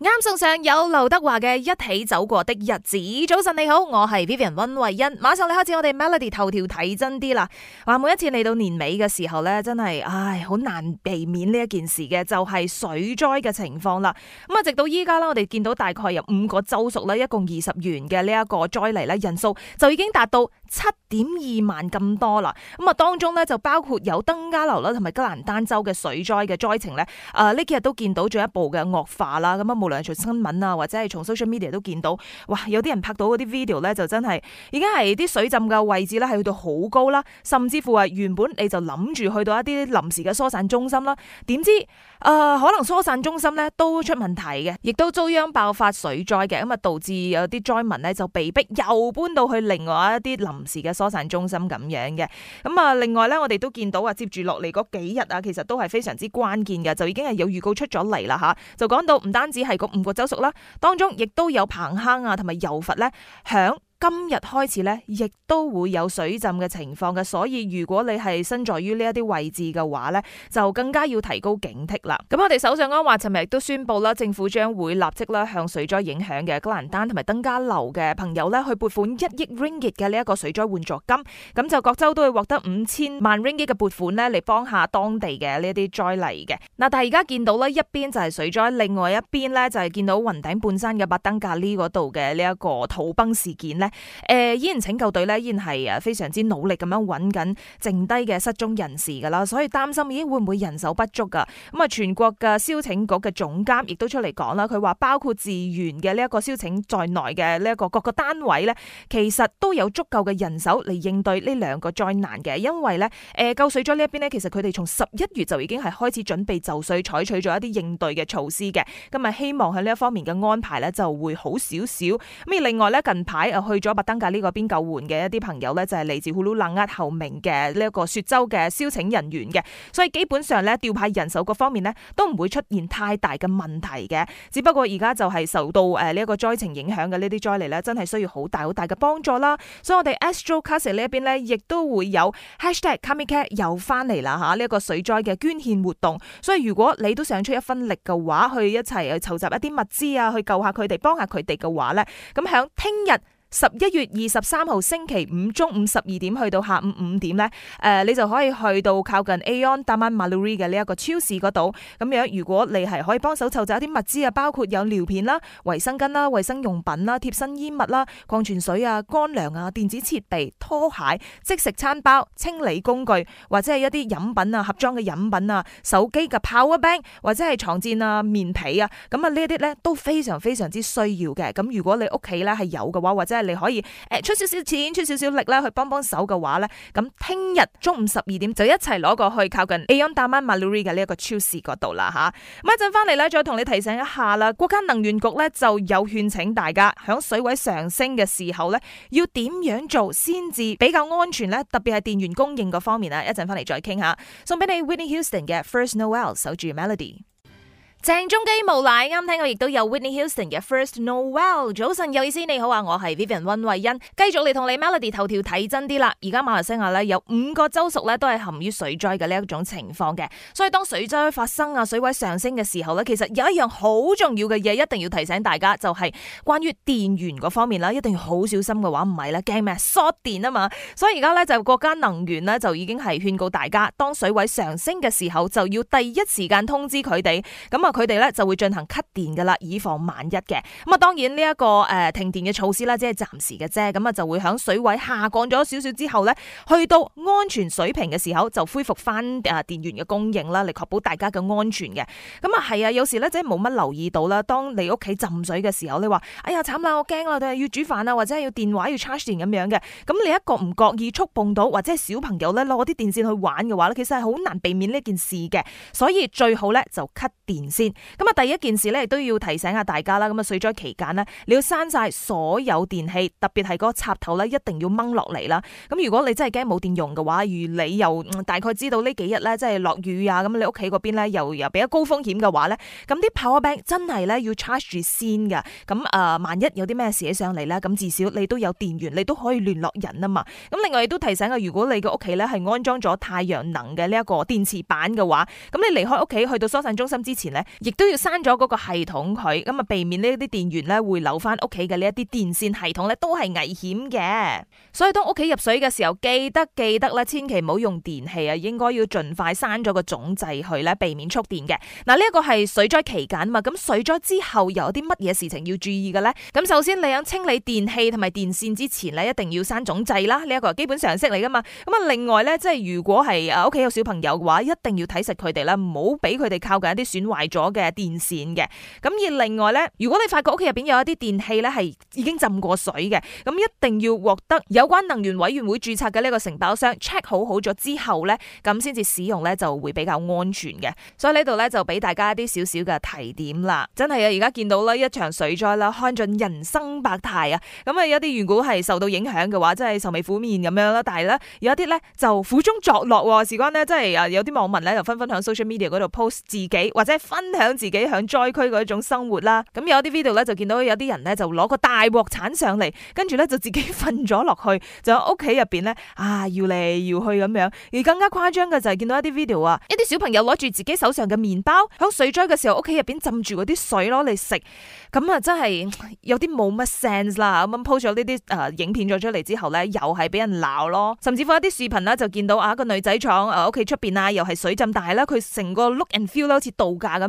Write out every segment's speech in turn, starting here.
啱送上有劉德華嘅一起走過的日子，早晨你好，我係 Vivian 溫慧欣。馬上你開始我哋 Melody 頭條睇真啲啦。哇，每一次嚟到年尾嘅時候咧，真係唉，好難避免呢一件事嘅，就係水災嘅情況啦。咁啊，直到依家啦，我哋見到大概有五個州屬啦，一共二十元嘅呢一個災嚟咧，人數就已經達到七點二萬咁多啦。咁啊，當中咧就包括有登加樓啦，同埋吉蘭丹州嘅水災嘅災情咧，啊呢幾日都見到進一步嘅惡化啦。咁啊，無論從新聞啊，或者係從 social media 都見到，哇，有啲人拍到嗰啲 video 咧，就真係已經係啲水浸嘅位置咧，係去到好高啦，甚至乎啊，原本你就諗住去到一啲臨時嘅疏散中心啦，點知、呃、可能疏散中心咧都出問題嘅，亦都遭殃爆發水災嘅，咁啊導致有啲災民呢就被逼又搬到去另外一啲臨時嘅疏散中心咁樣嘅。咁啊，另外咧，我哋都見到啊，接住落嚟嗰幾日啊，其實都係非常之關鍵嘅，就已經係有預告出咗嚟啦吓，就講到唔單止係。個五個州屬啦，當中亦都有彭亨啊，同埋柔佛咧響，今日開始咧，亦都會有水浸嘅情況嘅，所以如果你係身在於呢一啲位置嘅話咧，就更加要提高警惕啦。咁我哋首相安華尋日亦都宣布啦，政府將會立即咧向水災影響嘅吉蘭丹同埋登嘉樓嘅朋友咧去撥款一億 Ringgit 嘅呢一個水災援助金，咁就各州都會獲得五千萬 Ringgit 嘅撥款咧嚟幫下當地嘅呢一啲災黎嘅。嗱，但係而家見到咧一邊就係水災，另外一邊咧就係見到雲頂半山嘅峇冬加里呢嗰度嘅呢一個土崩事件咧。誒、呃，依然拯救隊呢，依然係啊非常之努力咁樣揾緊剩低嘅失蹤人士噶啦，所以擔心已經會唔會人手不足噶？咁啊，全國嘅消拯局嘅總監亦都出嚟講啦，佢話包括自願嘅呢一個消拯在內嘅呢一個各個單位呢，其實都有足夠嘅人手嚟應對呢兩個災難嘅，因為呢，誒、呃、救水災呢一邊呢，其實佢哋從十一月就已經係開始準備就緒，採取咗一啲應對嘅措施嘅，咁啊希望喺呢一方面嘅安排呢就會好少少。咁而另外呢，近排啊去。咗白登架呢個邊救援嘅一啲朋友咧，就係嚟自烏魯冷嶽後面嘅呢一個雪州嘅消拯人員嘅，所以基本上咧調派人手各方面咧都唔會出現太大嘅問題嘅，只不過而家就係受到誒呢一個災情影響嘅呢啲災黎咧，真係需要好大好大嘅幫助啦。所以我哋 Astro Kasih 呢一邊咧，亦都會有 hashtag KamiCare 又翻嚟啦吓呢一個水災嘅捐獻活動。所以如果你都想出一分力嘅話，去一齊去籌集一啲物資啊，去救下佢哋，幫下佢哋嘅話咧，咁響聽日。十一月二十三號星期五中午十二點去到下午五點呢，呃、你就可以去到靠近 Aeon Taman Maluri 嘅呢一個超市嗰度。咁樣如果你係可以幫手籌走一啲物資啊，包括有尿片啦、衛生巾啦、衛生用品啦、貼身衣物啦、礦泉水啊、乾糧啊、電子設備、拖鞋、即食餐包、清理工具，或者係一啲飲品啊、盒裝嘅飲品啊、手機嘅 power bank，或者係牀墊啊、棉被啊，咁啊呢一啲呢都非常非常之需要嘅。咁如果你屋企呢係有嘅話，或者你可以誒、呃，出少少錢，出少少力啦，去幫幫手嘅話咧，咁聽日中午十二點就一齊攞過去靠近 Aon Diamond Mallory 嘅呢一個超市嗰度啦吓。咁一陣翻嚟，咧再同你提醒一下啦。國家能源局咧就有勸請大家響水位上升嘅時候咧，要點樣做先至比較安全咧？特別係電源供應嗰方面啊。一陣翻嚟再傾下，送俾你 Whitney Houston 嘅 First Noel，守住 Melody。鄭中基無賴，啱、嗯、聽過，亦都有 Whitney Houston 嘅 First Noel。早晨，有意思，你好啊，我係 Vivian 溫慧欣，繼續嚟同你 Melody 頭條睇真啲啦。而家馬來西亞呢，有五個州屬都係陷於水災嘅呢一種情況嘅，所以當水災發生啊、水位上升嘅時候呢，其實有一樣好重要嘅嘢，一定要提醒大家，就係、是、關於電源嗰方面啦，一定要好小心嘅話唔係啦，驚咩 short 電啊嘛。所以而家呢，就國家能源呢，就已經係勸告大家，當水位上升嘅時候就要第一時間通知佢哋。咁啊。佢哋咧就會進行 cut 電嘅啦，以防萬一嘅。咁啊，當然呢一個誒停電嘅措施啦，即係暫時嘅啫。咁啊，就會響水位下降咗少少之後咧，去到安全水平嘅時候，就恢復翻誒電源嘅供應啦，嚟確保大家嘅安全嘅。咁啊，係啊，有時咧真係冇乜留意到啦。當你屋企浸水嘅時候，你話，哎呀慘啦，我驚啦，佢係要煮飯啊，或者係要電話要 charge 電咁樣嘅。咁你一個唔覺意觸碰到，或者係小朋友咧攞啲電線去玩嘅話咧，其實係好難避免呢件事嘅。所以最好咧就 cut 電先。咁啊，第一件事咧，亦都要提醒下大家啦。咁啊，水災期間呢，你要閂晒所有電器，特別係嗰插頭咧，一定要掹落嚟啦。咁如果你真係驚冇電用嘅話，如你又大概知道呢幾日咧，即係落雨啊，咁你屋企嗰邊咧又又比較高風險嘅話咧，咁啲 power bank 真係咧要 charge 住先噶。咁誒，萬一有啲咩事上嚟咧，咁至少你都有電源，你都可以聯絡人啊嘛。咁另外亦都提醒啊，如果你嘅屋企咧係安裝咗太陽能嘅呢一個電池板嘅話，咁你離開屋企去到疏散中心之前咧。亦都要閂咗嗰個系統佢，咁啊避免呢啲電源咧會留翻屋企嘅呢一啲電線系統咧都係危險嘅。所以當屋企入水嘅時候，記得記得咧，千祈唔好用電器啊，應該要盡快閂咗個總掣去咧，避免觸電嘅。嗱，呢一個係水災期間啊嘛，咁水災之後又有啲乜嘢事情要注意嘅咧？咁首先你喺清理電器同埋電線之前咧，一定要閂總掣啦，呢一個基本常識嚟噶嘛。咁啊，另外咧，即係如果係啊屋企有小朋友嘅話，一定要睇實佢哋咧，唔好俾佢哋靠近一啲損壞。咗嘅電線嘅，咁而另外咧，如果你發覺屋企入邊有一啲電器咧係已經浸過水嘅，咁一定要獲得有關能源委員會注冊嘅呢個承包商 check 好好咗之後咧，咁先至使用咧就會比較安全嘅。所以呢度咧就俾大家一啲少少嘅提點啦。真係啊，而家見到啦一場水災啦，看盡人生百態啊。咁啊，有啲如果係受到影響嘅話真係愁眉苦面咁樣啦。但係咧，有一啲咧就苦中作樂、哦，喎。事關咧真係啊，有啲網民咧就紛紛喺 social media 嗰度 post 自己或者分。分享自己響災區嗰一種生活啦，咁、嗯、有啲 video 咧就見到有啲人咧就攞個大鑊鏟上嚟，跟住咧就自己瞓咗落去，就喺屋企入邊咧啊搖嚟搖去咁樣。而更加誇張嘅就係見到一啲 video 啊，一啲小朋友攞住自己手上嘅麵包，響水災嘅時候屋企入邊浸住嗰啲水攞嚟食，咁、嗯、啊真係有啲冇乜 sense 啦。咁樣 po 咗呢啲誒影片咗出嚟之後咧，又係俾人鬧咯。甚至乎一啲視頻咧就見到啊個女仔闖誒屋企出邊啊，又係水浸大啦，佢成個 look and feel 好似度假咁。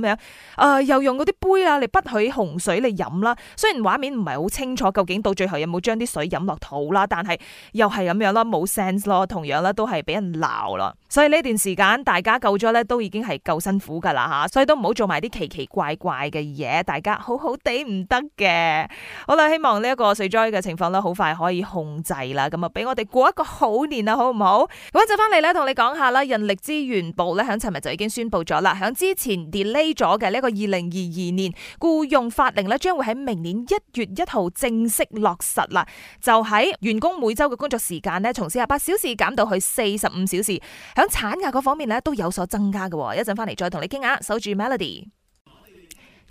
嗯、又用嗰啲杯啊，嚟汲取洪水嚟飲啦。雖然畫面唔係好清楚，究竟到最後有冇將啲水飲落肚啦？但係又係咁樣啦，冇 sense 咯。同樣啦，都係俾人鬧啦。所以呢段時間大家救災咧，都已經係夠辛苦噶啦吓，所以都唔好做埋啲奇奇怪怪嘅嘢。大家好好地唔得嘅。好啦，希望呢一個水災嘅情況咧，好快可以控制啦。咁啊，俾我哋過一個好年啦，好唔好？嗰陣翻嚟咧，同你講下啦，人力資源部咧響尋日就已經宣布咗啦，響之前 delay。咗嘅呢個二零二二年僱傭法令呢將會喺明年一月一號正式落實啦。就喺員工每周嘅工作時間呢從四十八小時減到去四十五小時，響產假嗰方面呢都有所增加嘅。一陣翻嚟，再同你傾下，守住 Melody。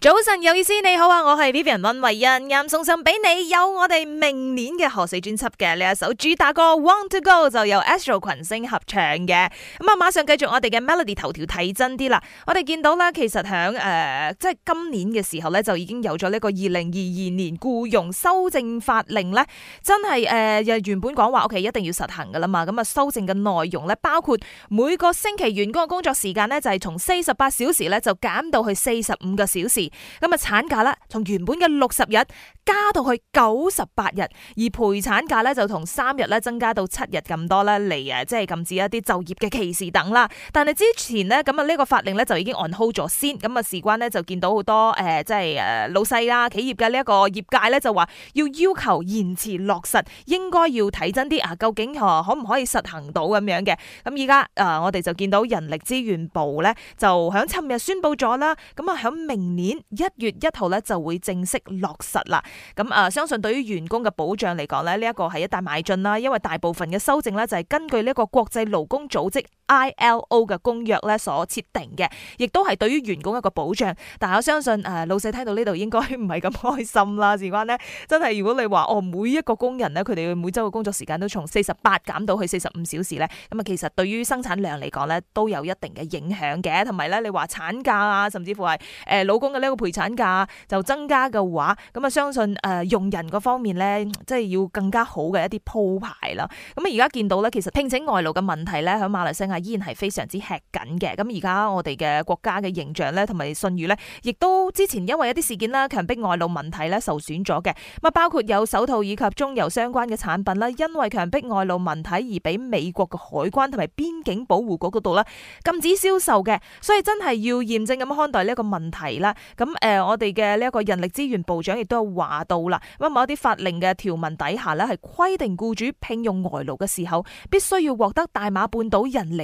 早晨，有意思你好啊，我係 Vivian 溫慧欣，啱送上俾你有我哋明年嘅賀歲專輯嘅呢一首主打歌《Want to Go》就由 Astro 群星合唱嘅。咁啊，馬上繼續我哋嘅 Melody 頭條睇真啲啦。我哋見到咧，其實響誒、呃、即係今年嘅時候咧，就已經有咗呢個二零二二年僱傭修正法令咧，真係誒、呃、原本講話 OK 一定要實行噶啦嘛。咁啊，修正嘅內容咧，包括每個星期員工嘅工作時間咧，就係、是、從四十八小時咧就減到去四十五個小時。咁啊，產假啦，從原本嘅六十日，加到去九十八日，而陪產假咧就同三日咧增加到七日咁多咧嚟，即係禁止一啲就業嘅歧視等啦。但係之前呢，咁啊，呢個法令咧就已經 on hold 咗先。咁啊，事關呢，就見到好多誒、呃，即係誒、呃、老細啦、企業嘅呢一個業界咧就話要要求延遲落實，應該要睇真啲啊，究竟可可唔可以實行到咁樣嘅？咁而家我哋就見到人力資源部咧就響尋日宣布咗啦。咁啊，響明年一月一號咧就會正式落實啦。咁啊，相信對於員工嘅保障嚟講咧，呢、這、一個係一大邁進啦，因為大部分嘅修正咧就係根據呢一個國際勞工組織。ILO 嘅公約呢，所設定嘅，亦都係對於員工一個保障。但係我相信誒、呃、老細聽到呢度應該唔係咁開心啦，事關呢，真係如果你話哦，每一個工人呢，佢哋每週嘅工作時間都從四十八減到去四十五小時呢。咁啊其實對於生產量嚟講呢，都有一定嘅影響嘅。同埋呢，你話產假啊，甚至乎係誒、呃、老公嘅呢個陪產假就增加嘅話，咁啊相信誒、呃、用人個方面呢，即係要更加好嘅一啲鋪排啦。咁啊而家見到呢，其實聘請外勞嘅問題呢，喺馬來西亞。依然係非常之吃緊嘅，咁而家我哋嘅國家嘅形象咧，同埋信譽咧，亦都之前因為一啲事件啦，強迫外勞問題咧受損咗嘅。咁啊，包括有手套以及中油相關嘅產品啦，因為強迫外勞問題而俾美國嘅海關同埋邊境保護局嗰度咧禁止銷售嘅。所以真係要嚴正咁看待呢一個問題啦。咁、呃、誒，我哋嘅呢一個人力資源部長亦都話到啦，咁某一啲法令嘅條文底下咧，係規定僱主聘用外勞嘅時候，必須要獲得大馬半島人力。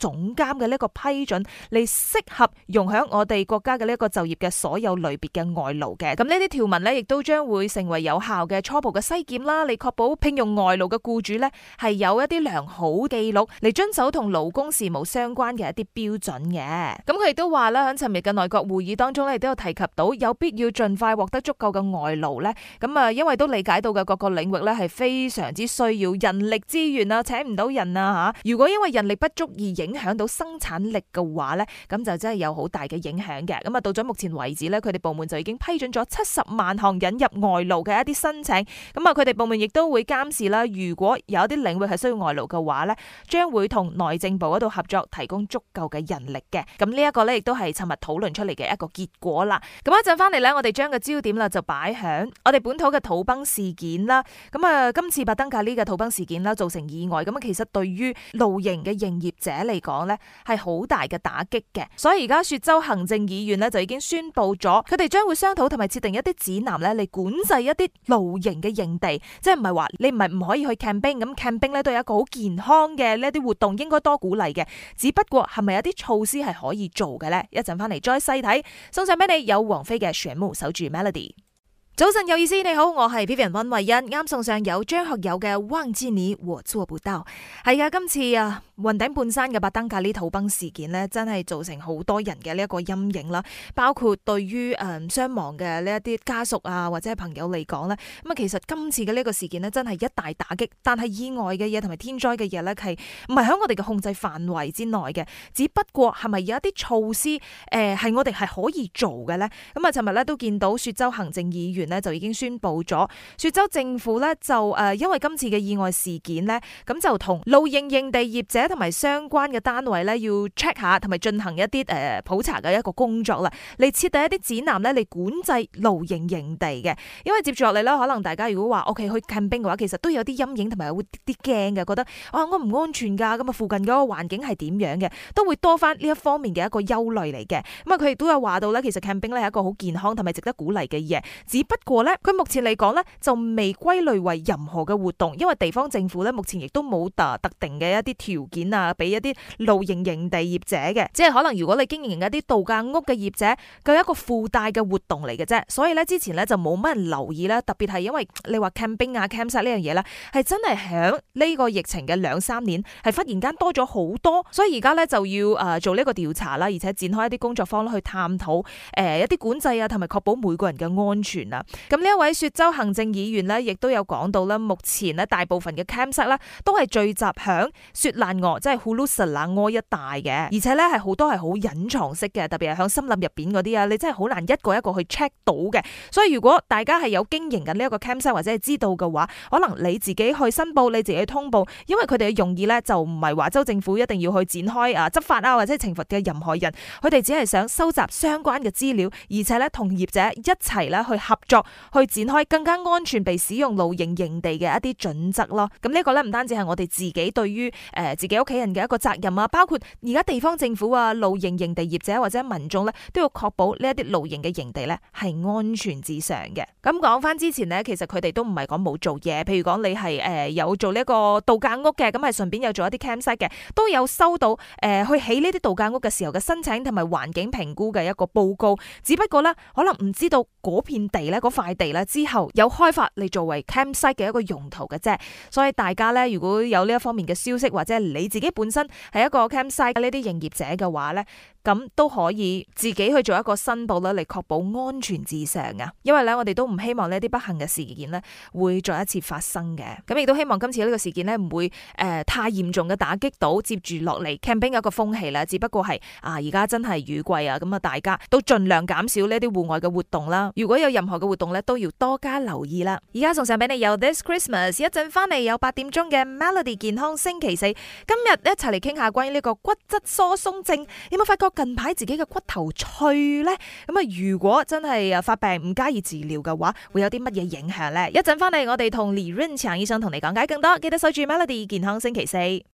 總監嘅呢一個批准嚟，適合容許我哋國家嘅呢一個就業嘅所有類別嘅外勞嘅，咁呢啲條文呢，亦都將會成為有效嘅初步嘅篩檢啦，嚟確保聘用外勞嘅僱主呢，係有一啲良好記錄，嚟遵守同勞工事務相關嘅一啲標準嘅。咁佢亦都話啦，喺尋日嘅內閣會議當中呢，亦都有提及到有必要盡快獲得足夠嘅外勞呢。咁啊，因為都理解到嘅各個領域呢，係非常之需要人力資源啊，請唔到人啊吓，如果因為人力不足而影影響到生產力嘅話呢咁就真係有好大嘅影響嘅。咁啊，到咗目前為止呢佢哋部門就已經批准咗七十萬項引入外勞嘅一啲申請。咁啊，佢哋部門亦都會監視啦。如果有一啲領域係需要外勞嘅話呢將會同內政部嗰度合作，提供足夠嘅人力嘅。咁呢一個呢，亦都係尋日討論出嚟嘅一個結果啦。咁一陣翻嚟呢，我哋將個焦點啦就擺響我哋本土嘅土崩事件啦。咁啊，今次白登咖喱嘅土崩事件啦，造成意外。咁啊，其實對於露營嘅營業者嚟，講咧係好大嘅打擊嘅，所以而家雪州行政議員呢就已經宣布咗，佢哋將會商討同埋設定一啲指南咧嚟管制一啲露營嘅營地，即係唔係話你唔係唔可以去 camping，咁 camping 咧都有一個好健康嘅呢一啲活動，應該多鼓勵嘅。只不過係咪有啲措施係可以做嘅呢？一陣翻嚟再細睇，送上俾你有王菲嘅《Shamu 守住 Melody》。早晨有意思，你好，我係 Vivian 溫慧欣，啱送上有張學友嘅《忘記你》和《做不到》。係啊，今次啊，雲頂半山嘅峇冬加里土崩事件咧，真係造成好多人嘅呢一個陰影啦。包括對於誒傷亡嘅呢一啲家屬啊，或者係朋友嚟講咧，咁啊，其實今次嘅呢個事件咧，真係一大打擊。但係意外嘅嘢同埋天災嘅嘢咧，係唔係喺我哋嘅控制範圍之內嘅？只不過係咪有一啲措施誒，係、呃、我哋係可以做嘅咧？咁啊，尋日咧都見到雪州行政議員。咧就已經宣布咗，雪州政府呢，就、呃、誒因為今次嘅意外事件呢，咁就同露營營地業者同埋相關嘅單位呢，要 check 下，同埋進行一啲誒、呃、普查嘅一個工作啦，嚟設定一啲指南呢，嚟管制露營營地嘅。因為接住落嚟呢，可能大家如果話 O.K. 去 camping 嘅話，其實都有啲陰影同埋有啲驚嘅，覺得啊安唔安全㗎？咁啊，附近嗰個環境係點樣嘅？都會多翻呢一方面嘅一個憂慮嚟嘅。咁啊，佢亦都有話到呢，其實 camping 呢係一個好健康同埋值得鼓勵嘅嘢，只不過咧，佢目前嚟講咧就未歸類為任何嘅活動，因為地方政府咧目前亦都冇特特定嘅一啲條件啊，俾一啲露營營地業者嘅，只係可能如果你經營一啲度假屋嘅業者，佢係一個附帶嘅活動嚟嘅啫。所以咧之前咧就冇乜人留意啦，特別係因為你話 camping 啊 campsite 呢樣嘢啦係真係響呢個疫情嘅兩三年係忽然間多咗好多，所以而家咧就要、呃、做呢個調查啦，而且展開一啲工作坊去探討、呃、一啲管制啊，同埋確保每個人嘅安全啊。咁呢一位雪州行政議員呢，亦都有講到啦。目前呢，大部分嘅 camp 室呢，都係聚集響雪蘭莪，即係呼 u l u s 一帶嘅，而且呢，係好多係好隱藏式嘅，特別係響森林入面嗰啲啊，你真係好難一個一個去 check 到嘅。所以如果大家係有經營緊呢一個 camp 室或者係知道嘅話，可能你自己去申報，你自己去通報，因為佢哋嘅用意呢，就唔係話州政府一定要去展開啊執法啊或者懲罰嘅任何人，佢哋只係想收集相關嘅資料，而且呢，同業者一齊呢去合作去展開更加安全被使用露營營地嘅一啲準則咯。咁呢個咧唔單止係我哋自己對於誒自己屋企人嘅一個責任啊，包括而家地方政府啊、露營營地業者或者民眾咧，都要確保呢一啲露營嘅營地咧係安全至上嘅。咁講翻之前呢，其實佢哋都唔係講冇做嘢，譬如講你係誒有做呢個度假屋嘅，咁係順便有做一啲 campsite 嘅，都有收到誒去起呢啲度假屋嘅時候嘅申請同埋環境評估嘅一個報告。只不過呢，可能唔知道嗰片地咧。嗰塊地啦，之後有開發嚟作為 campsite 嘅一個用途嘅啫，所以大家咧，如果有呢一方面嘅消息，或者你自己本身係一個 campsite 嘅呢啲營業者嘅話咧。咁都可以自己去做一個申報啦，嚟確保安全至上啊！因為咧，我哋都唔希望呢啲不幸嘅事件咧會再一次發生嘅。咁亦都希望今次呢個事件咧唔會誒、呃、太嚴重嘅打擊到接住落嚟 camping 一個風氣啦。只不過係啊，而家真係雨季啊，咁啊，大家都盡量減少呢啲戶外嘅活動啦。如果有任何嘅活動咧，都要多加留意啦。而家送上俾你有 This Christmas，一陣翻嚟有八點鐘嘅 Melody 健康星期四。今日一齊嚟傾下關於呢個骨質疏鬆症，你有冇發覺？近排自己嘅骨頭脆咧，咁啊，如果真係啊發病，唔加以治療嘅話，會有啲乜嘢影響咧？一陣翻嚟，我哋同黎瑞祥醫生同你講解更多。記得守住 Melody 健康星期四。